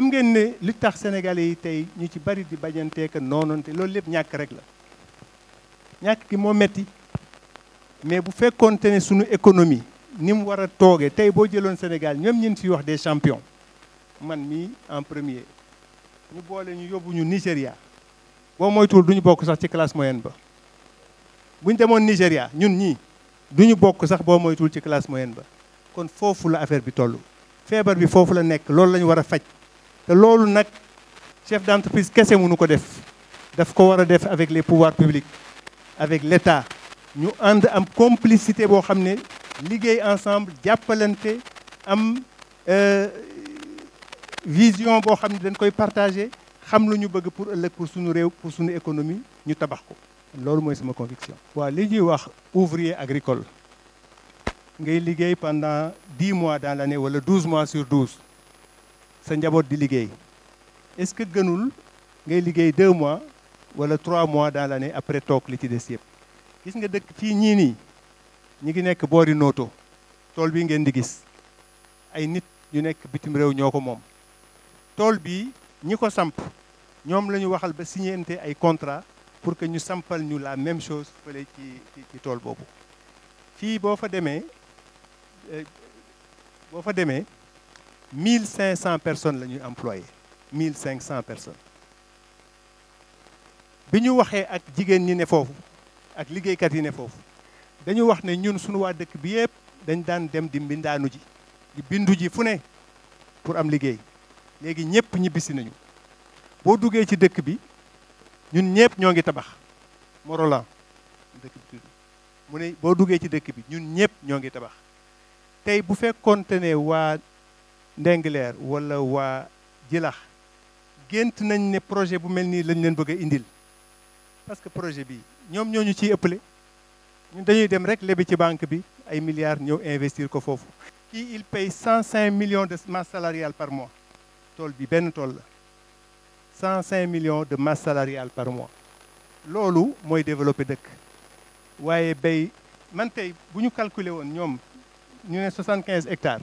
xam ngeen ne li tax sénégalais yi tey ñu ci bari di ak noonante loolu lépp ñàkk rek la ñàkk gi moo metti mais bu fekkoonte ne suñu économie ni mu war a toogee tey boo jëloon Sénégal ñoom ñin ci wax des champions man mii en premier ñu boole ñu yóbbu ñu nigeria boo moytuwul du ñu bokk sax ci classe moyenne ba bu ñu demoon Nigéria ñun ñii duñu ñu bokk sax boo moytuwul ci classe moyenne ba kon foofu la affaire bi toll feebar bi foofu la nekk loolu la ñu war a faj loolu chef d'entreprise qu'est-ce que ko def avec les pouvoirs publics avec l'État, Nous avons une complicité pour nous, ne liggéey ensemble jàppalante am euh, vision pour nous dañ koy partager xam bëgg pour ëllëg pour suñu réew pour suñu économie ñu tabax ko loolu sama conviction waaw li ñuy wax ouvrier agricole pendant 10 mois dans l'année, 12 mois sur 12 sa njaboot di liggéey est-ce que gënul ngay liggéey deux mois wala trois mois dans l'année après toog li ci des yëpp gis nga dëkk fii ñii nii ñi ngi nekk boori nooto tool bi ngeen di gis ay nit ñu nekk bitim réew ñoo ko moom tool bi ñi ko samp ñoom la ñu waxal ba signente ay contrat pour que ñu sampal ñu la même chose fële ci ci tool boobu fii boo fa demee euh, boo fa demee 1500 personnes employées, 1500 personnes Si ñu waxee ak jigéen ni ne foofu ak des yi ne foofu dañu wax ne ñun suñu dëkk bi dem di mbindaanu ji di bindu pour am faire. Nous ñëpp ñibbisi nañu boo des ci dëkk bi ñun ñëpp tabax dëkk bi mu d'engler ou wa Jilax gent nañ ne projet bu melni nii lañ leen bëgg indil parce que projet bi ñom ñoo ñu ciy ëppale ñun dañuy dem rek lebi ci banque bi ay milliards ñeu investir ko fofu ki il paye 105 millions de masse salariale par mois tol bi ben tol 105 millions de masse salariale par mois lolu moy développé dëkk waaye bay man tay buñu ñu calculer woon ñu né 75 hectares.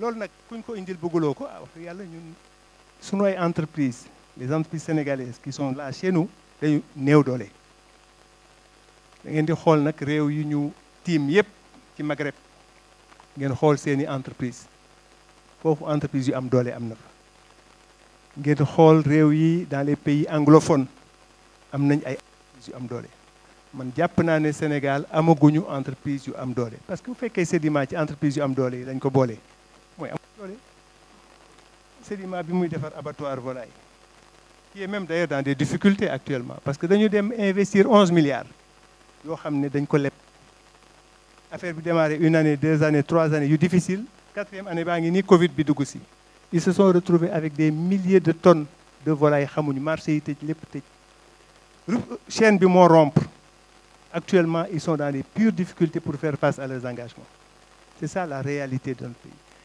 lol nak kuñ ko indil bëgguloo wax yalla ñun sunu ay entreprises les entreprises sénégalaises qui sont là chez nous dañu néew doole. da ngeen di xol nak réew yi ñu tiim yépp ci Maghreb ngeen xol seeni entreprise fofu entreprise yu am doole am na fa ngeen xool réew yi dans les pays anglophones am nañ ay entreprise yu am doole man japp naa ne Sénégal amaguñu entreprise yu am doole parce que bu fekkee sédiment ci entreprise yu am doole yi dañ ko boole. C'est am de volaille qui est même d'ailleurs dans des difficultés actuellement parce que nous dem investir 11 milliards ils ont démarrer dañ démarré une année deux années trois années c'est difficile quatrième année Covid bi ils se sont retrouvés avec des milliers de tonnes de volaille xamuñu marché chaîne bi monde rompre actuellement ils sont dans des pures difficultés pour faire face à leurs engagements c'est ça la réalité de notre pays